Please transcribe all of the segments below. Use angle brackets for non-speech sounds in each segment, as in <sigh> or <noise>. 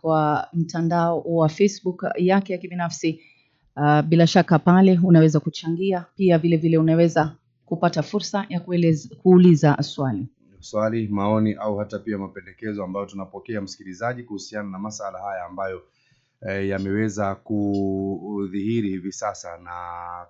kwa mtandao wa Facebook yake ya kibinafsi. Uh, bila shaka pale unaweza kuchangia pia vile vile, unaweza kupata fursa ya kueleza, kuuliza swali swali, maoni au hata pia mapendekezo ambayo tunapokea msikilizaji kuhusiana na masala haya ambayo e, yameweza kudhihiri hivi sasa na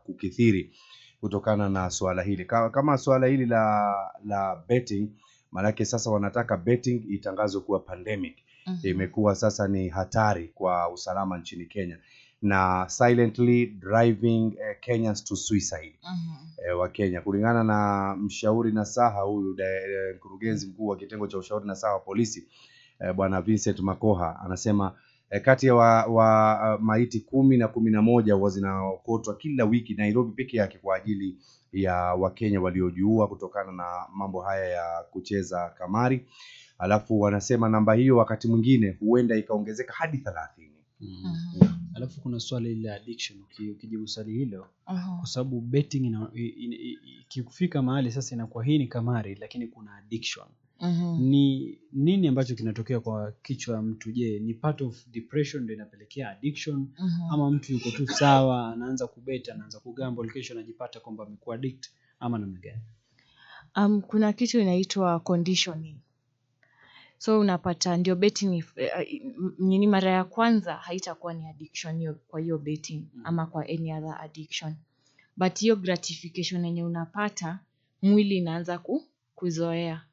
kukithiri kutokana na swala hili kama swala hili la la betting, maanake sasa wanataka betting itangazwe kuwa pandemic mm -hmm. imekuwa sasa ni hatari kwa usalama nchini Kenya na silently driving eh, Kenyans to suicide mm -hmm. e, wa Kenya kulingana na mshauri nasaha huyu eh, mkurugenzi mkuu wa kitengo cha ushauri nasaha wa polisi e, bwana Vincent Makoha anasema e, kati ya wa, wa maiti kumi na kumi na moja huwa zinaokotwa kila wiki Nairobi peke yake kwa ajili ya Wakenya waliojiua kutokana na mambo haya ya kucheza kamari alafu wanasema namba hiyo wakati mwingine huenda ikaongezeka hadi thelathini. Mm. Uh Alafu kuna swali ile addiction, ukijibu swali hilo uh -huh. Kwa sababu betting ikikufika mahali sasa inakuwa hii ni kamari, lakini kuna addiction Mm-hmm. Ni nini ambacho kinatokea kwa kichwa ya mtu? Je, ni part of depression ndio inapelekea addiction mm-hmm. Ama mtu yuko tu sawa, anaanza kubeta, anaanza kugamble, kesho anajipata kwamba amekuwa addict ama namna gani? Um, kuna kitu inaitwa conditioning So unapata ndio betting if, nini eh, eh, mara ya kwanza haitakuwa ni addiction hiyo kwa hiyo betting mm. ama kwa any other addiction. But hiyo gratification yenye unapata mwili inaanza kuzoea.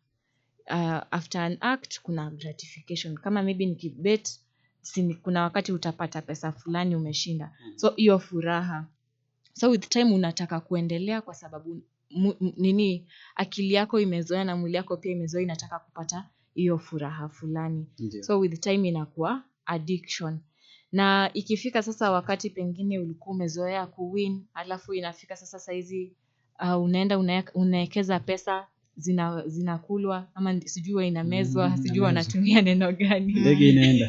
Uh, after an act kuna gratification. Kama maybe nikibet kuna wakati utapata pesa fulani umeshinda. Mm. So hiyo furaha. So with time unataka kuendelea kwa sababu nini akili yako imezoea na mwili yako pia imezoea inataka kupata hiyo furaha fulani Ndiyo. so with time inakuwa addiction na ikifika sasa wakati pengine ulikuwa umezoea kuwin alafu inafika sasa saizi uh, unaenda unawekeza pesa zina zinakulwa ama sijui inamezwa mm, sijui wanatumia neno gani <laughs> ndege inaenda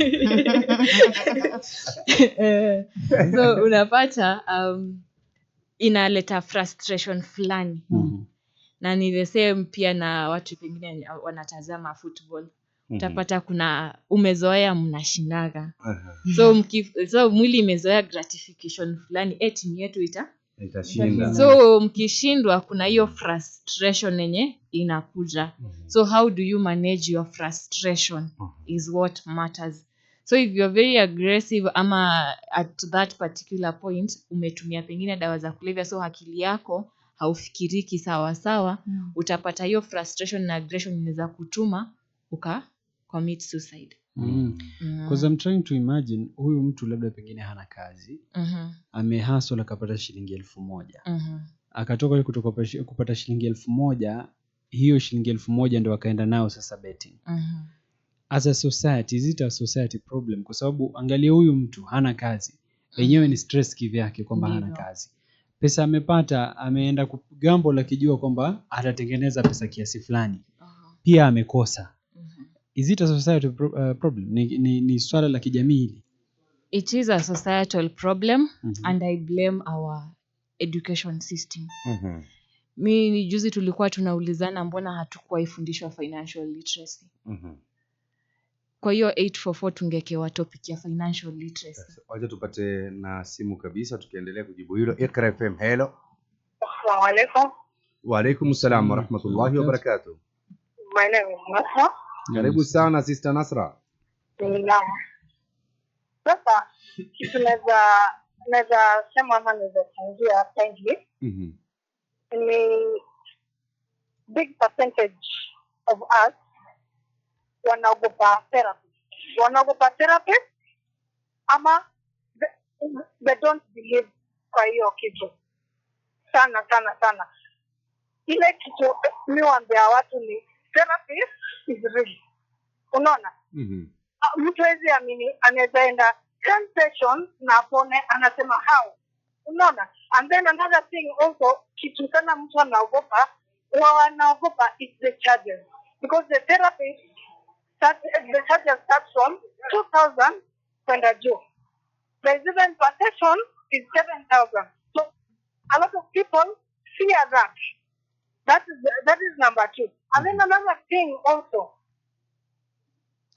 <laughs> eh, so unapata um, inaleta frustration fulani mm-hmm na ni the same pia na watu pengine wanatazama football mhm. utapata kuna umezoea mnashindaga so, mki, so mwili imezoea gratification fulani e timu yetu ita so mkishindwa kuna hiyo mhm. frustration yenye inakuja mhm. so how do you manage your frustration is what matters so if you're very aggressive ama at that particular point umetumia pengine dawa za kulevya so akili yako haufikiriki sawa sawa mm. utapata hiyo frustration na aggression inaweza kutuma uka commit suicide Mm. Mm. I'm trying to imagine huyu mtu labda pengine hana kazi mm-hmm. amehasol akapata shilingi elfu moja mm-hmm. akatoka kutoka kupata shilingi elfu moja hiyo shilingi elfu moja ndo akaenda nayo sasa betting mm-hmm. as a society is it a society problem kwa sababu angalia huyu mtu hana kazi yenyewe ni stress kivyake kwamba hana kazi pesa amepata, ameenda gambo la kijua kwamba atatengeneza pesa kiasi fulani uh -huh. Pia amekosa uh mhm. -huh. Is it a societal uh, problem? Ni, ni, ni swala la kijamii hili. It is a societal problem uh mhm. -huh. And I blame our education system uh mhm. -huh. Mi juzi tulikuwa tunaulizana mbona hatukuwa ifundishwa financial literacy mm -hmm kwa hiyo 844 tungekewa topic ya financial literacy. Wacha tupate na simu kabisa, tukiendelea kujibu hilo. Ikra FM, hello. Assalamu alaikum. Wa alaikum salam wa mm. rahmatullahi wa barakatuh. My name is Nasra. Karibu sana sister Nasra. Sasa kitu naweza naweza sema ama naweza changia kindly mhm. ni big percentage of us wanaogopa therapy, wanaogopa therapy ama they, don't believe kwa hiyo kitu sana sana sana. Ile kitu mi waambia watu ni therapy is real, unaona mm-hmm. ah, Mtu hawezi amini, anaweza enda na apone, anasema how, unaona. And then another thing also, kitu sana mtu anaogopa, wanaogopa is the charges because the therapist That, the charges start from 2,000 kwenda juu. Resident protection is 7,000. So a lot of people fear that. That is, that is number two. And then another thing also,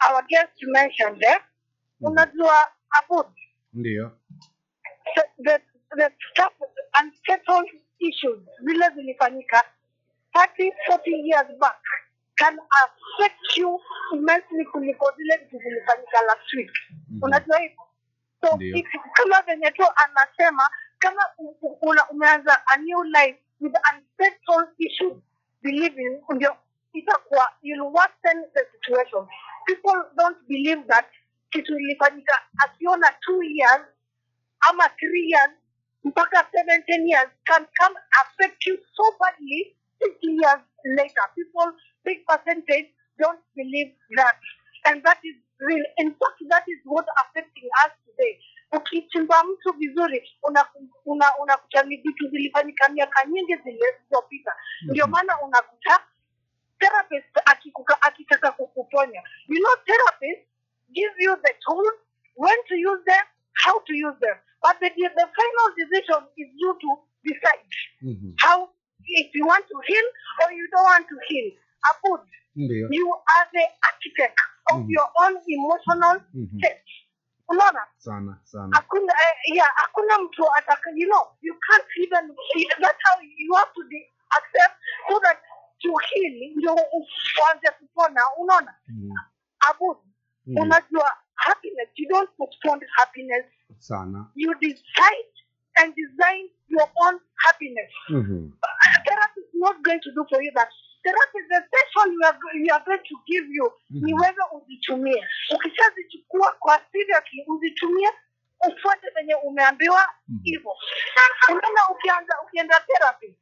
our guest mentioned there, mm. unajua abud. Ndio. So the, the stuff, unsettled issues, zile zilifanyika 30, 40 years back can affect you immensely kuliko zile vitu zilifanyika last week mm-hmm. unajua hivyo so Ndiyo. kama venye tu anasema kama una, umeanza a new life with unsettled issues believing ndio itakuwa you'll worsen the situation people don't believe that kitu ilifanyika akiona two years ama three years mpaka seven ten years can come affect you so badly 60 years later. People, big percentage, don't believe that. And that is real. In fact, that is what affecting us today. Ukichimbwa mtu vizuri unakuta ni vitu zilifanyika miaka nyingi zilizopita, mm-hmm. ndio maana unakuta therapist akitaka kukuponya. You know, therapist give you the tools, when to use them, how to use them. But the, the final decision is you to decide mm-hmm. how if you want to heal or you don't want to heal abud Ndiyo. you are the architect of mm. your own emotional mm-hmm. state unaona sana sana hakuna uh, eh, yeah hakuna mtu ataka you know you can't even heal. that's how you have to de- accept so that to heal ndio uanze kupona unaona mm. abud mm. unajua happiness you don't postpone happiness sana you decide and design your own happiness. Mm-hmm. Therapy is not going to do for you that. Therapy, the person you are, you are going to give you mm-hmm. ni wewe uzitumie. Ukishazichukua kwa seriously, uzitumie ufuate venye umeambiwa mm-hmm. hivyo. mm Unaona, ukianza ukienda therapy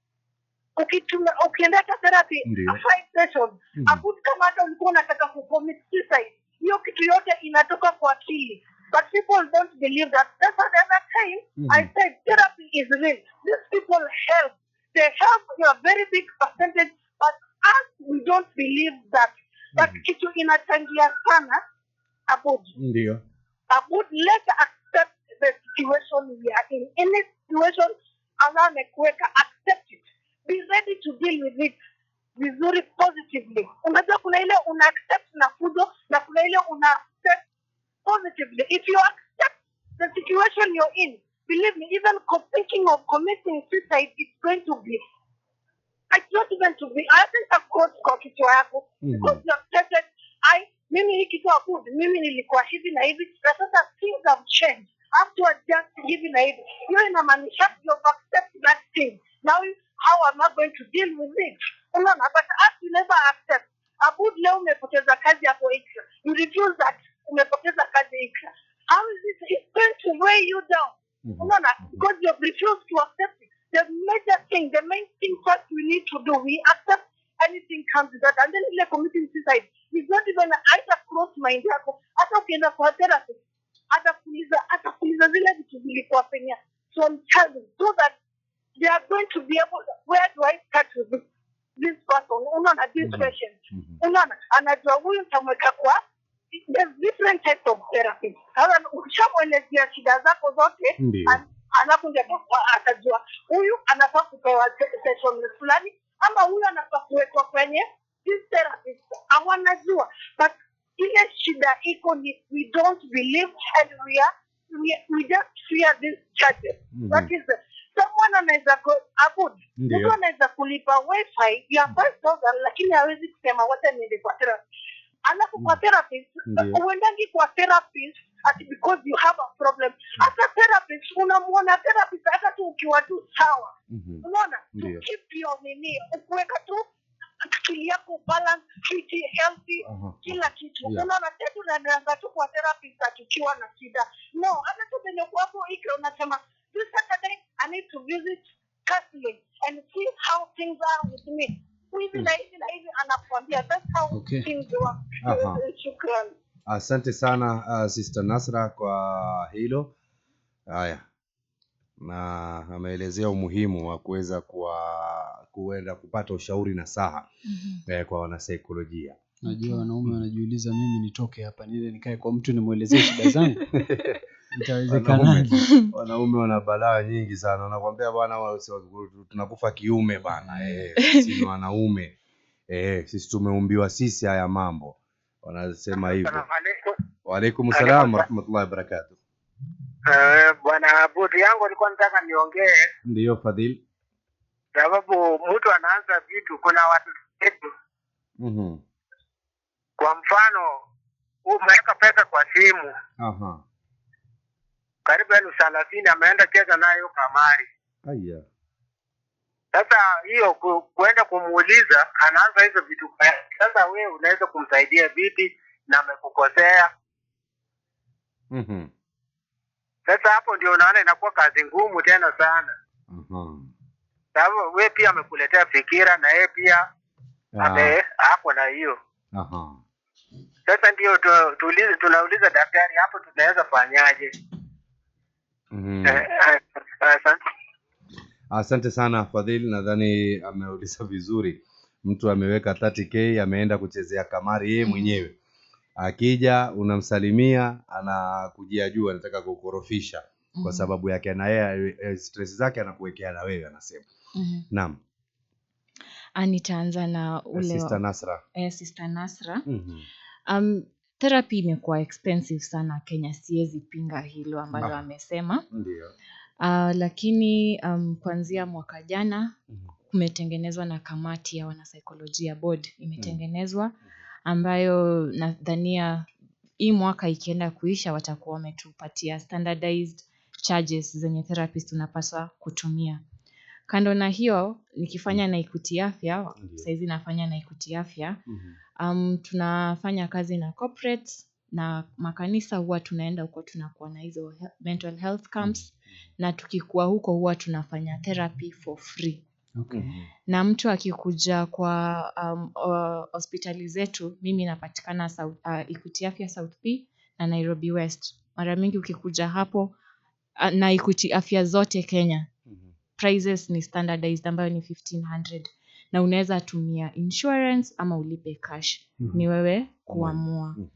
ukitumia ukiendesha therapy five sessions mm-hmm. akuti kama hata ulikuwa unataka kucommit suicide, hiyo kitu yote inatoka kwa akili But people don't believe that. That's why the time mm-hmm. I said therapy is real. These people help. They help you a very big percentage, but us, we don't believe that. But mm-hmm. kitu inachangia sana abud. Ndio. Abud, let's accept the situation we are in. Any situation Allah amekuweka, accept it. Be ready to deal with it vizuri positively. Unajua kuna ile una accept na fudo na kuna ile una accept positively. If you accept the situation you're in, believe me, even thinking of committing suicide is going to be. I don't even to be. I think I've got got kitu yako because you accepted. I mimi hii kitu hakudi, mimi nilikuwa hivi na hivi, na sasa things have changed. Afterwards just hivi na hivi, hiyo inamaanisha you've accepted that thing. Now how am I going to deal with it? Unaona, but as you never accept, Abud, leo umepoteza kazi yako extra, you refuse that umepokea kazi mpya. How is it? It's going to weigh you down. Mm-hmm. Unaona, mm-hmm. because you have to accept it. The major thing, the main thing first we need to do, we accept anything comes to that and then ile committing suicide is not even aita cross mind yako. Hata ukienda kwa therapy atakuuliza atakuuliza zile vitu zilikuwa penya. So I'm telling so that they are going to be able where do I start with this, person? Unaona this mm-hmm. patient. Mm-hmm. Unaona anajua huyu tamweka kwa there's different types of therapy. Sasa ukishamwelezea shida zako zote, alafu ndio atajua huyu anafaa kupewa session fulani ama huyu anafaa kuwekwa kwenye this therapist. Hawanajua but ile shida iko ni we don't believe and we are we, we just fear this charges. Mm-hmm. That is the, someone anaweza abud mtu anaweza kulipa wifi ya 5000 mm. lakini hawezi kusema wacha niende kwa therapy alafu kwa mm. therapist uendangi kwa therapist ati because you have a problem mm. hata therapist unamwona therapist hata tu ukiwa tu sawa mm-hmm. unaona to keep your nini ukuweka tu akili yako balance treaty healthy uh-huh. kila kitu unaona tetu unaanza tu kwa therapist atukiwa na shida no hata tu venye kwako ike unasema this saturday i need to visit counseling and see how things are with me Mm. Asante sana uh, Sister Nasra kwa hilo. Haya, na ameelezea umuhimu wa kuweza kuenda kupata ushauri na saha mm -hmm. eh, kwa wanasaikolojia. Najua wanaume wanajiuliza, mimi nitoke hapa niende nikae kwa mtu nimwelezee shida zangu <laughs> <laughs> Wanaume wana balaa nyingi sana, wanakwambia bwana, tunakufa kiume bana. Mm. Eh, sisi ni wanaume eh, sisi tumeumbiwa sisi haya mambo, wanasema hivyo. Waalaikum salam warahmatullahi wabarakatuh. Eh, bwana budi yangu alikuwa nataka niongee. Ndiyo fadhil sababu mtu anaanza vitu, kuna watu wetu mhm. Kwa mfano umeweka pesa kwa simu uh -huh karibu elfu yaani thalathini ameenda cheza nayo kamari. Aya, sasa hiyo ku, kuenda kumuuliza, anaanza hizo vitu. Sasa we unaweza kumsaidia vipi na amekukosea? mm-hmm. Sasa hapo ndio unaona inakuwa kazi ngumu tena sana. mm-hmm. Sababu we pia amekuletea fikira na yeye pia ah. ame hapo na hiyo sasa ndio tu, tu, tunauliza daktari hapo tunaweza fanyaje? Mm-hmm. Eh, eh, asante sana fadhil nadhani ameuliza vizuri. Mtu ameweka 30k ameenda kuchezea kamari yeye mwenyewe, akija unamsalimia, anakujia juu, anataka kukorofisha kwa mm-hmm. sababu yake na yeye eh, stress zake anakuwekea na wewe, anasema mm-hmm. naam. Ah, nitaanza na ule Sister Nasra, eh, Sister Nasra. Mm -hmm. Um, therapy imekuwa expensive sana Kenya, siwezi pinga hilo ambalo amesema. Uh, lakini um, kuanzia mwaka jana mm-hmm. kumetengenezwa na kamati ya wanasaikolojia board imetengenezwa mm-hmm. ambayo nadhania hii mwaka ikienda kuisha watakuwa wametupatia standardized charges zenye therapist unapaswa kutumia. Kando na hiyo, nikifanya mm. na ikuti Afya, saizi nafanya na ikuti Afya, mm-hmm. um, tunafanya kazi na corporate na makanisa huwa tunaenda huko tunakuwa na hizo mental health camps mm-hmm. na tukikuwa huko huwa tunafanya therapy for free. Okay. Mm-hmm. Na mtu akikuja kwa um, uh, hospitali zetu, mimi napatikana South, uh, ikuti Afya South B na Nairobi West. Mara mingi ukikuja hapo uh, na ikuti Afya zote Kenya prices ni standardized ambayo ni 1500 na unaweza tumia insurance ama ulipe cash mm -hmm. ni mhm. wewe kuamua mhm.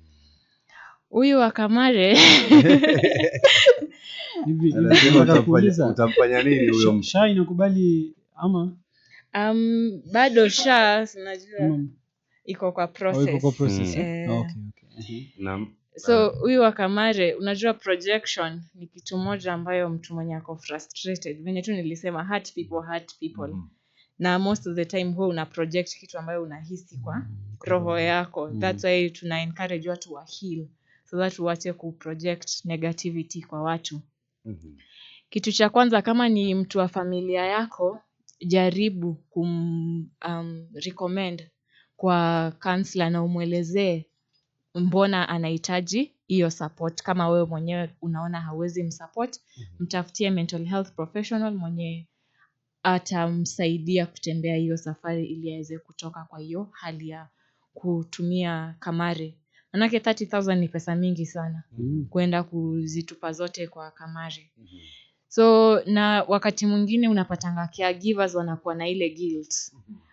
huyu mm -hmm. wa kamare <laughs> utamfanya nini huyo sha inakubali ama um, bado sha sinajua oh, iko kwa process, iko kwa process. Mm. Eh, okay, okay. Mm -hmm. So huyu wa Kamare, unajua projection ni kitu moja ambayo mtu mwenye ako frustrated, venye tu nilisema hurt people hurt people mm -hmm. na most of the time huwa una project kitu ambayo unahisi kwa mhm. roho yako mm -hmm. that's why tuna encourage watu wa heal so that uache project negativity kwa watu mm -hmm. Kitu cha kwanza kama ni mtu wa familia yako, jaribu kum um, recommend kwa counselor na umwelezee mbona anahitaji hiyo support. Kama wewe mwenyewe unaona hauwezi msupport, mhm. mtafutie mental health professional mwenye atamsaidia kutembea hiyo safari ili aweze kutoka kwa hiyo hali ya kutumia kamari. Manake 30,000 ni pesa mingi sana mm. kwenda kuzitupa zote kwa kamari mm -hmm. So na wakati mwingine unapatanga givers wanakuwa na ile guilt mm -hmm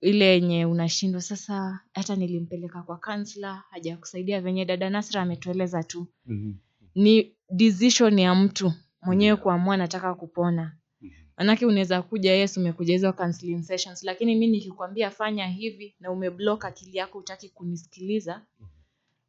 ile yenye unashindwa sasa hata nilimpeleka kwa kansla hajakusaidia venye dada nasra ametueleza tu mhm. ni decision ya mtu mwenyewe kuamua nataka kupona mhm. manake unaweza kuja yes umekuja hizo counseling sessions lakini mi nikikwambia fanya hivi na umeblock akili yako utaki kunisikiliza mhm.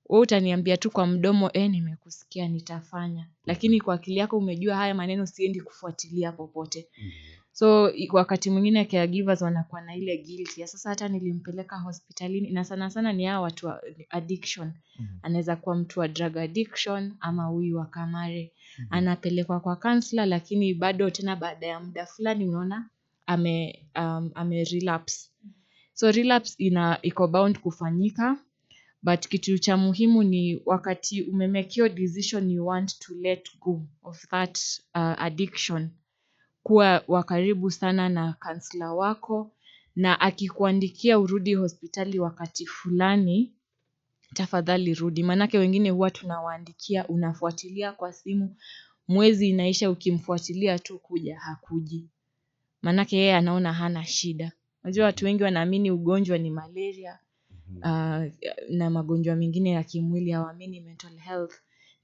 we utaniambia tu kwa mdomo e, nimekusikia nitafanya lakini kwa akili yako umejua haya maneno siendi kufuatilia popote mm-hmm So wakati mwingine caregivers wanakuwa na ile guilt ya sasa hata nilimpeleka hospitalini na sana sana ni hawa watu wa addiction. Mm -hmm. Anaweza kuwa mtu wa drug addiction ama huyu wa kamare. Mm -hmm. Anapelekwa kwa counselor lakini bado tena baada ya muda fulani unaona ame, um, ame relapse. So relapse ina iko bound kufanyika but kitu cha muhimu ni wakati umemake decision you want to let go of that uh, addiction mm kuwa wa karibu sana na kansela wako na akikuandikia urudi hospitali wakati fulani, tafadhali rudi. Maanake wengine huwa tunawaandikia unafuatilia kwa simu, mwezi inaisha ukimfuatilia tu kuja hakuji. Maanake yeye anaona hana shida. Unajua watu wengi wanaamini ugonjwa ni malaria mm-hmm. uh, na magonjwa mengine ya kimwili hawaamini mental health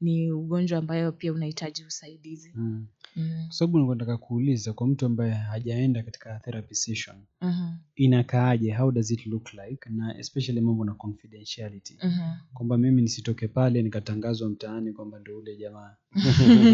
ni ugonjwa ambayo pia unahitaji usaidizi. Mm. Mm. Sababu nilikuwa nataka kuuliza kwa mtu ambaye hajaenda katika therapy session -hmm. inakaaje, how does it look like, na especially mambo na confidentiality -hmm. kwamba mimi nisitoke pale nikatangazwa mtaani kwamba ndo ule jamaa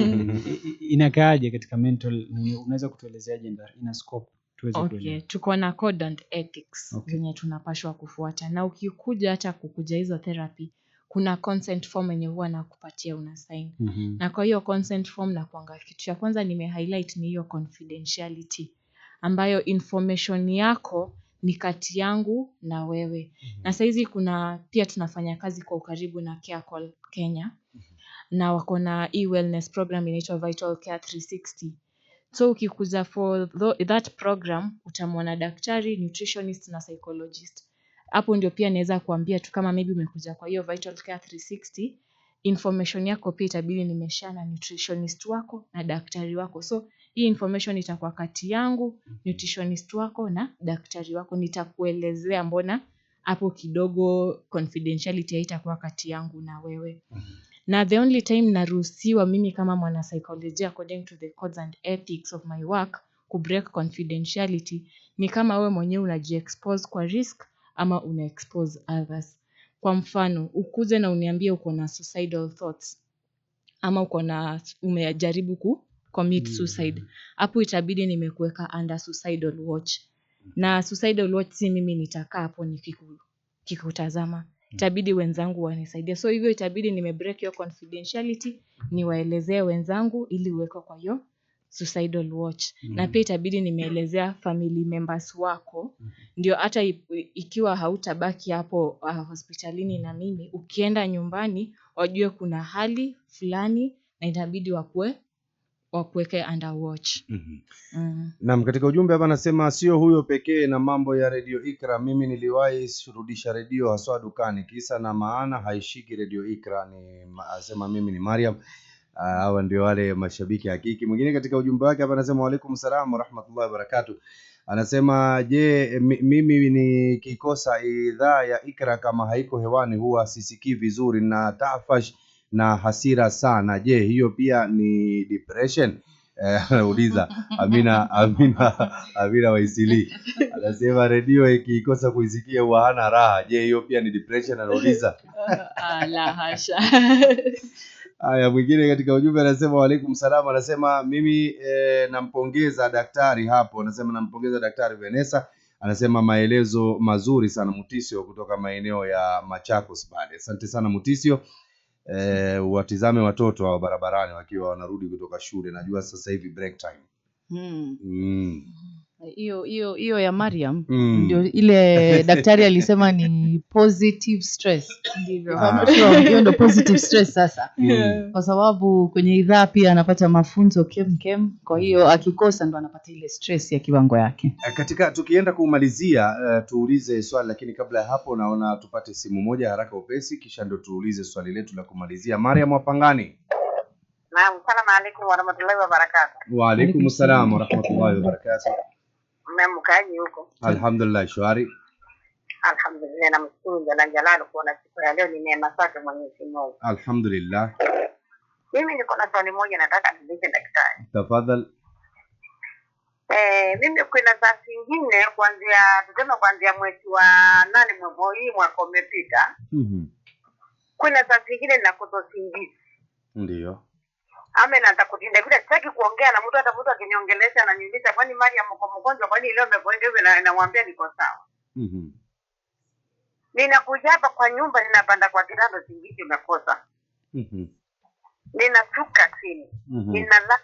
<laughs> inakaaje katika mental unaweza kutuelezeaje ina scope tuweze Okay, tuko na code and ethics Okay. zenye tunapashwa kufuata na ukikuja hata kukuja hizo therapy kuna consent form yenye huwa nakupatia una sign mm -hmm. na kwa hiyo consent form na kuanga kitu cha kwanza nime highlight ni hiyo confidentiality ambayo information yako ni kati yangu na wewe mm -hmm. na sahizi kuna pia tunafanya kazi kwa ukaribu na Carecall Kenya mm -hmm. na wako na e-wellness program inaitwa Vital Care 360 so ukikuza for that program utamwona daktari nutritionist na psychologist hapo ndio pia naweza kuambia tu kama maybe umekuja kwa hiyo Vital Care 360 information yako pia itabidi nimeshare na nutritionist wako na daktari wako. So hii information itakuwa kati yangu, nutritionist wako na daktari wako. Nitakuelezea mbona hapo kidogo confidentiality haitakuwa kati yangu na wewe. Na the only time naruhusiwa mimi kama mwanasaikolojia according to the codes and ethics of my work ku break confidentiality ni kama wewe mwenyewe unajiexpose kwa risk ama una expose others kwa mfano ukuze na uniambie uko na suicidal thoughts ama uko na umejaribu ku commit mm. suicide hapo itabidi nimekuweka under suicidal watch na suicidal watch si mimi nitakaa hapo nikikutazama mm. itabidi wenzangu wanisaidia so hivyo itabidi nime break your confidentiality niwaelezee wenzangu ili uwekwe kwa hiyo suicidal watch mm -hmm. na pia itabidi nimeelezea family members wako mm -hmm. ndio hata ikiwa hautabaki hapo uh, hospitalini na mimi ukienda nyumbani wajue kuna hali fulani na itabidi wakue wakuweke under watch mm -hmm. mm. Naam, katika ujumbe hapa anasema sio huyo pekee na mambo ya redio Ikra. Mimi niliwahi shurudisha redio haswa dukani, kisa na maana haishiki redio Ikra. Ni asema mimi ni Mariam Ah, hawa ndio wale mashabiki hakiki. Mwingine katika ujumbe wake hapa anasema waalaikum salaam warahmatullahi wabarakatuh. Anasema je, mimi nikikosa idhaa ya Ikra kama haiko hewani huwa sisikii vizuri na tafash na hasira sana. Je, hiyo pia ni depression? Eh, <laughs> anauliza Amina, Amina, Amina Waisili anasema redio ikikosa kuisikia huwa hana raha. Je, hiyo pia ni depression? Anauliza <laughs> ah, la hasha <laughs> Haya, mwingine katika ujumbe anasema waalaikum salamu anasema mimi e, nampongeza daktari hapo, anasema nampongeza daktari Venesa, anasema maelezo mazuri sana Mutisio kutoka maeneo ya Machakos pale. Asante sana Mutisio. E, watizame watoto hao barabarani wakiwa wanarudi kutoka shule, najua sasa hivi break time. Hmm. Mm hiyo hiyo hiyo ya Mariam mm. ndio ile <laughs> daktari alisema ni positive stress ndivyo ah. hiyo ndio positive stress sasa mm. yeah. kwa sababu kwenye idhaa pia anapata mafunzo kem kwa hiyo mm. akikosa ndo anapata ile stress ya kiwango yake eh, katika tukienda kumalizia uh, tuulize swali lakini kabla ya hapo naona tupate simu moja haraka upesi kisha ndo tuulize swali letu la kumalizia Mariam Wapangani Naam, salaam alaykum warahmatullahi wabarakatuh. Wa alaykum salam warahmatullahi wabarakatuh mkaaji huko? Alhamdulillah, shwari. Alhamdulillah, namshukuru Jalla Jalalu kuona siku ya leo ni neema zake Mwenyezi Mungu. Alhamdulillah. Mimi niko na swali moja nataka niulize daktari. Tafadhal. Eh, mimi kuna saa zingine kuanzia tuseme kuanzia mwezi wa nane mwaka hii mwaka umepita. Mhm. Mm kuna saa zingine nakosa usingizi. Ndio ama natakutinda vile sitaki kuongea na mtu, hata mtu akiniongelesha na nyumbisha kwani mali ya mko mgonjwa, kwani leo umegonjwa hivi? Na namwambia niko sawa. mhm -hmm. Ninakuja hapa kwa nyumba, ninapanda kwa kitanda, singizi umekosa. mhm -hmm. Ninashuka chini, mhm -hmm. ninalala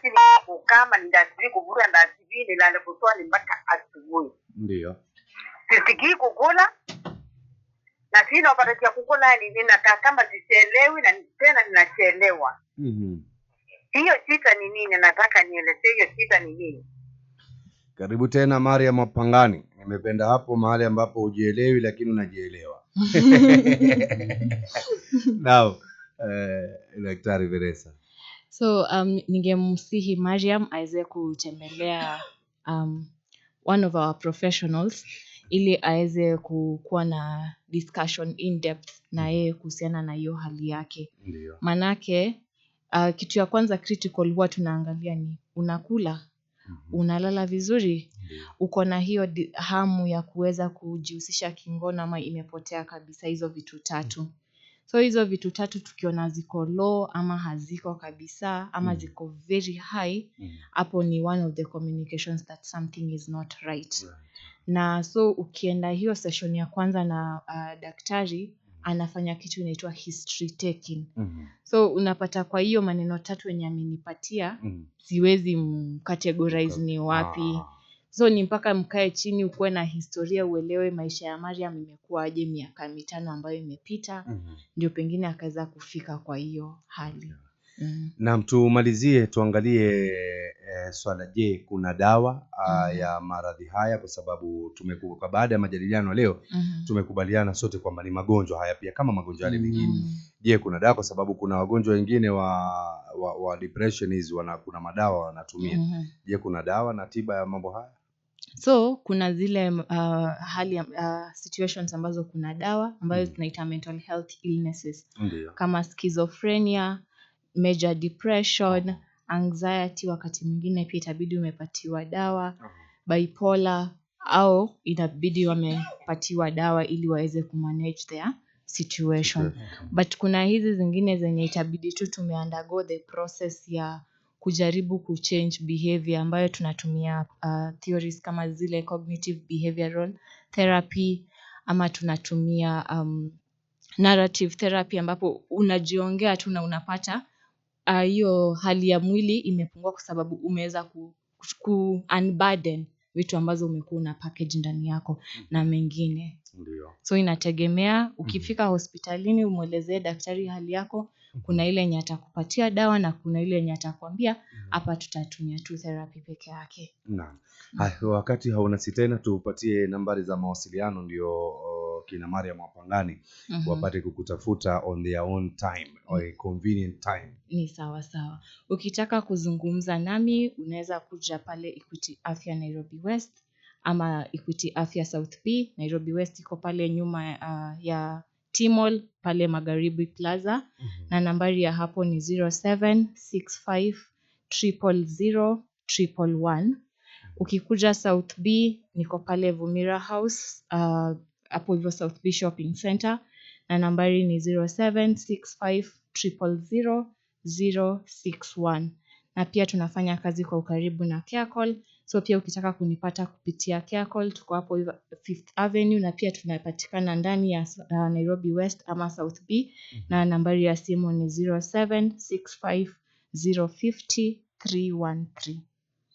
chini, kukama ndasijui kuvura, ndasijui nilale kuswali mpaka asubuhi, ndio sisiki kukula na sina wakati ya kukula, ni yaani ninakaa kama sichelewi, na tena ninachelewa Mm-hmm. Hiyo shida ni nini? Nataka nielezee hiyo shida ni nini. Karibu tena Maria Mapangani. Nimependa hapo mahali ambapo hujielewi lakini unajielewa. <laughs> Now, eh, Daktari uh, Veresa. So um, ningemsihi Mariam aweze kutembelea um, one of our professionals ili aweze kuwa na discussion in depth na yeye kuhusiana na hiyo hali yake. Ndiyo. Manake Uh, kitu ya kwanza critical huwa tunaangalia ni unakula, mhm. unalala vizuri, uko na hiyo hamu ya kuweza kujihusisha kingono ama imepotea kabisa, hizo vitu tatu. Mm. So hizo vitu tatu tukiona ziko low ama haziko kabisa ama mm. ziko very high, mm. hapo ni one of the communications that something is not right. Na so ukienda hiyo session ya kwanza na uh, daktari anafanya kitu inaitwa history taking. Mm-hmm. So unapata kwa hiyo maneno tatu yenye amenipatia mm-hmm. siwezi mcategorize ni wapi ah. So ni mpaka mkae chini ukuwe na historia uelewe maisha ya Mariam imekuwaje miaka mitano ambayo imepita mm-hmm. ndio pengine akaweza kufika kwa hiyo hali mm. Naam, tumalizie tuangalie e, swala je, kuna dawa a, ah, mhm. ya maradhi haya kwa sababu tumekuwa baada ya majadiliano leo mm. tumekubaliana sote kwamba ni magonjwa haya pia kama magonjwa yale mengine mm. Je, kuna dawa kwa sababu kuna wagonjwa wengine wa wa, wa depression hizi wana, kuna madawa wanatumia mm -hmm. Je, kuna dawa na tiba ya mambo haya? So kuna zile uh, hali uh, situations ambazo kuna dawa ambayo mm. tunaita mental health illnesses. Ndiyo. Kama schizophrenia major depression anxiety wakati mwingine pia itabidi umepatiwa dawa bipolar au inabidi wamepatiwa dawa ili waweze kumanage their situation but kuna hizi zingine zenye itabidi tu tumeundergo the process ya kujaribu kuchange behavior ambayo tunatumia uh, theories kama zile cognitive behavioral therapy ama tunatumia um, narrative therapy ambapo unajiongea tu na unapata Ah, hiyo hali ya mwili imepungua kwa sababu umeweza ku, ku unburden vitu ambazo umekuwa una package ndani yako na mm-hmm. mengine. Ndiyo. So inategemea ukifika mm-hmm. hospitalini umwelezee daktari hali yako kuna ile yenye atakupatia dawa na kuna ile yenye atakwambia mm. hapa tutatumia tu therapy peke yake. Naam. Wakati hauna si tena, tupatie nambari za mawasiliano ndio oh, kina Mariam Wapangani mm -hmm. wapate kukutafuta on their own time or mm. a eh, convenient time. Ni sawa sawa. Ukitaka kuzungumza nami unaweza kuja pale Equity Afya Nairobi West ama Equity Afya South B. Nairobi West iko pale nyuma uh, ya Timol pale Magharibi Plaza mm -hmm. na nambari ya hapo ni 0765 000 111. Ukikuja South B niko pale Vumira House uh, hapo uh, hivyo South B Shopping Center na nambari ni 0765 000 061 na pia tunafanya kazi kwa ukaribu na Carecall So pia ukitaka kunipata kupitia Carecall, tuko hapo Fifth Avenue na pia tunapatikana ndani ya uh, Nairobi West ama South B mm -hmm. na nambari ya simu ni 0765050313.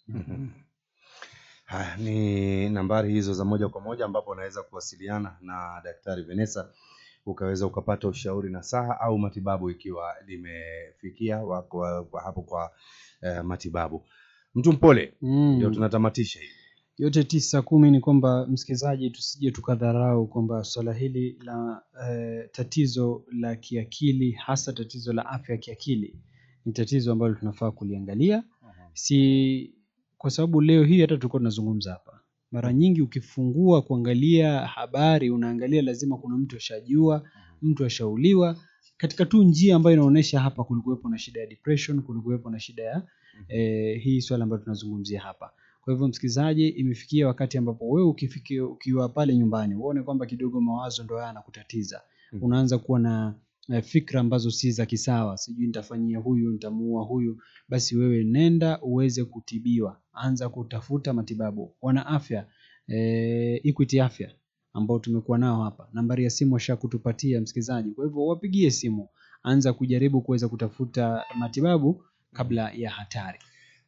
Mm -hmm. Ha, ni nambari hizo za moja kwa moja ambapo unaweza kuwasiliana na Daktari Vanessa ukaweza ukapata ushauri na saha au matibabu ikiwa limefikia wako hapo kwa eh, matibabu mtu mpole mm. Ndio tunatamatisha hivi yote tisa kumi ni kwamba msikilizaji, tusije tukadharau kwamba swala hili la e, tatizo la kiakili hasa tatizo la afya ya kiakili ni tatizo ambalo tunafaa kuliangalia uhum. Si kwa sababu leo hii hata tulikuwa tunazungumza hapa, mara nyingi ukifungua kuangalia habari unaangalia lazima kuna mtu ashajua, mtu ashauliwa katika tu njia ambayo inaonyesha hapa kulikuwepo na shida ya depression, kulikuwepo na shida ya mhm. eh, hii swala ambayo tunazungumzia hapa. Kwa hivyo msikilizaji, imefikia wakati ambapo wewe ukifikia ukiwa pale nyumbani uone kwamba kidogo mawazo ndo yanakutatiza. Mm -hmm. Unaanza kuwa na eh, fikra ambazo si za kisawa, sijui nitafanyia huyu, nitamuua huyu, basi wewe nenda uweze kutibiwa, anza kutafuta matibabu. Wana afya e, Equity Afya ambao tumekuwa nao hapa. Nambari ya simu washakutupatia msikilizaji, kwa hivyo wapigie simu, anza kujaribu kuweza kutafuta matibabu kabla ya hatari.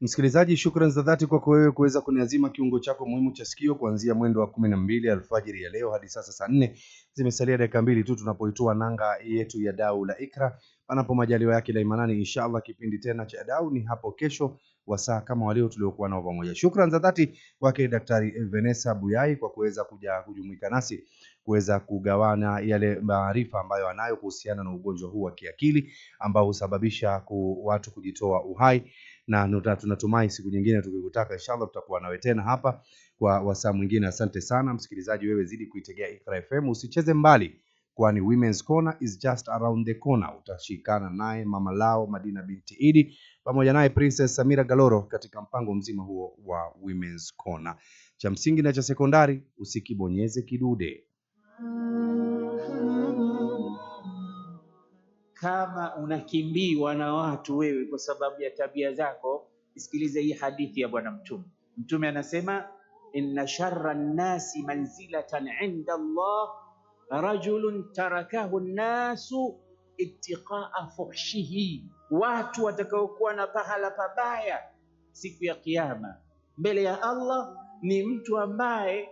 Msikilizaji, shukrani za dhati kwako wewe kuweza kuniazima kiungo chako muhimu cha sikio kuanzia mwendo wa kumi na mbili alfajiri ya leo hadi sasa saa nne zimesalia dakika mbili tu tunapoitua nanga yetu ya dau la Ikra, panapo majaliwa yake imanani. Inshallah, kipindi tena cha dau ni hapo kesho wasaa kama walio tuliokuwa nao pamoja. Shukran za dhati kwake Daktari Vanessa Buyai kwa kuweza kuja kujumuika nasi kuweza kugawana yale maarifa ambayo anayo kuhusiana na ugonjwa huu wa kiakili ambao husababisha ku watu kujitoa uhai, na tunatumai siku nyingine tukikutaka, inshallah tutakuwa nawe tena hapa kwa wasaa mwingine. Asante sana msikilizaji, wewe zidi kuitegea Iqra FM, usicheze mbali kwani Women's Corner is just around the corner. Utashikana naye mama lao Madina binti Idi pamoja naye Princess Samira Galoro katika mpango mzima huo wa Women's Corner. Cha msingi na cha sekondari, usikibonyeze kidude. Kama unakimbiwa na watu wewe kwa sababu ya tabia zako, isikilize hii hadithi ya Bwana Mtume. Mtume anasema inna sharra nnasi manzilatan inda Allah rajulun tarakahu nnasu ittiqaa fuhshihi watu watakaokuwa na pahala pabaya siku ya Kiyama mbele ya Allah ni mtu ambaye